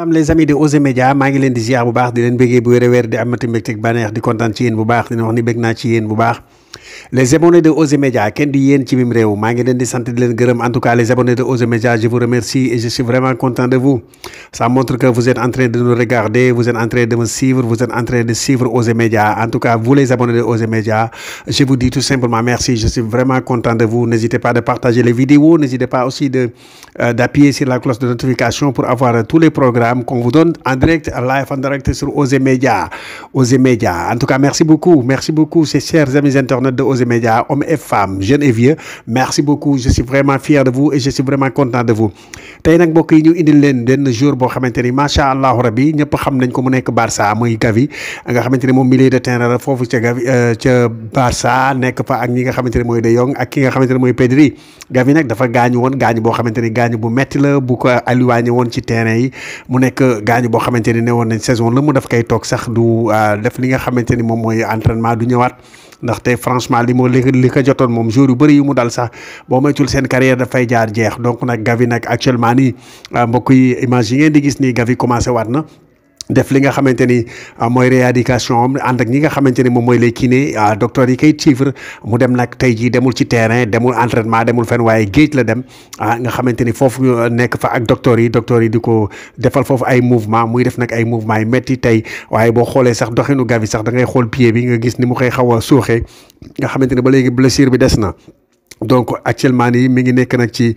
am les amis de Oser Média maa ngi leen di ziar bu baax di leen bëggee bu wér a wér di amati mbégte ak bànneex di kontaan ci yéen bu baax dina wax ni bëgg naa ci yéen bu baax les abonnés de Ose Media en tout cas les abonnés de Ose je vous remercie et je suis vraiment content de vous ça montre que vous êtes en train de nous regarder vous êtes en train de me suivre vous êtes en train de suivre Ose Media en tout cas vous les abonnés de Ose je vous dis tout simplement merci je suis vraiment content de vous n'hésitez pas de partager les vidéos n'hésitez pas aussi de euh, d'appuyer sur la cloche de notification pour avoir tous les programmes qu'on vous donne en direct en live en direct sur Ose Media Media en tout cas merci beaucoup merci beaucoup ces chers amis internautes de et médias, hommes et femmes, jeunes et vieux. Merci beaucoup. Je suis vraiment fier de vous et je suis vraiment content de vous. Tainak nag nous yi ñu indil leen jour boo xamante ni macha allah rabi ñëpp xam nañ ko mu nekk Barça muy Gavi nga xamante ni moom de terrain la foofu Gavi euh, ca Barça nekk fa ak ñi nga xamante ne De Jong ak ki nga xamante ne mooy Pedri. Gavi nag dafa gaañu woon gaañu boo xamante ni gaañu bu metti la bu ko ci terrain mu nek bo xamanteni saison le mu daf kay tok sax du euh, def li nga xamanteni mom moy entraînement du ñëwaat. ndaxte franchement li moo li li ko jotoon moom jour yu bëri yu mu dal sax boo moytul seen carrière dafay jaar jeex donc nag Gavi nag actuellement nii mbokk yi image yi ngeen di gis nii Gavi commencé waat na def li nga xamante ni ah, mooy rééducation am ànd ak ñi nga xamante ni moom mooy les kiné ah, docteur yi koy suivre mu dem nag tey jii demul ci terrain demul entraînement demul fenn waaye géej la dem ah nga xamante ni foofu euh, nekk fa ak docteur yi docteur yi di ko defal foofu ay mouvement muy def nag ay mouvement yu métti tey waaye boo xoolee sax doxinu Gavi sax dangay xool pied bi nga gis ni mu koy xaw a suuxee nga xamante ni ba léegi blessure bi des na donc actuellement nii mi ngi nek nak ci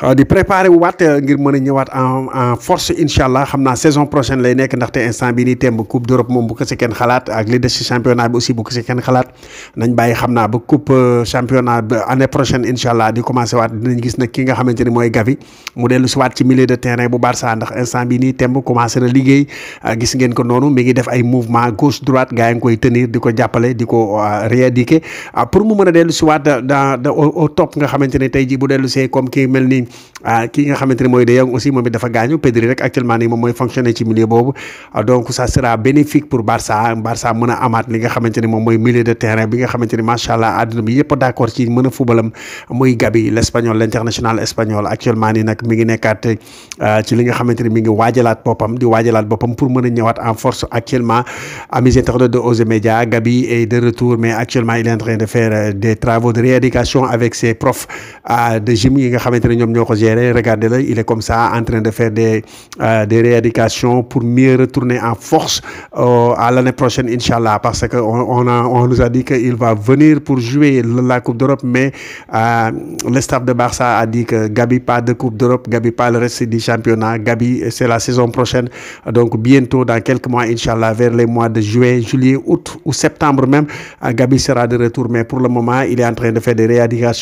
euh, di préparer wat euh, ngir mën ñëwaat en force inshallah xamna saison prochaine lay nek ndaxte instant bi ni temb coupe d'Europe mom bu ko ken kenn xalaat ak li des championnat bi aussi bu ko ken kenn xalaat nañ bàyyi xamna ba coupe euh, championnat année prochaine inshallah allah di commencé waat dinañ gis nag ki nga xamanteni moy Gavi mu dellu si ci milieu de terrain bu Barça ndax instant bi ni temb commencer na liggéey gis ngeen ko nonu mi ngi def ay mouvement gauche droite gaay ngoy tenir diko jappalé diko di pour mu meuna a dellu dans top nga xamante ne tey ji bu dellu comme ki mel ni ah, ki nga xamante mooy De Jong aussi moom it dafa gaañu Pedri rek actuellement nii moom mooy fonctionner ci milieu boobu ah, donc ça sera bénéfique pour Barça Barça mën amaat li nga xamante moom mooy milieu de terrain bi nga xamante ne allah àdduna yëpp d'accord ci mën fubalam muy Gabi l'Espagnol l'international espagnol actuellement nii nag mi ngi nekkaat ah, ci li nga xamante ne mi c'est ses profs euh, de gym nga regardez il est comme ça en train de faire des euh, des rééducations pour mieux retourner en force euh, à l'année prochaine inshallah parce que on a on nous a dit qu'il va venir pour jouer la coupe d'Europe mais le staff de Barça a dit que Gabi pas de coupe d'Europe Gabi pas le reste du championnat Gabi c'est la saison prochaine donc bientôt dans quelques mois inshallah vers les mois de juin juillet août ou septembre même Gabi sera de retour mais pour le moment il est en train de faire des rééducations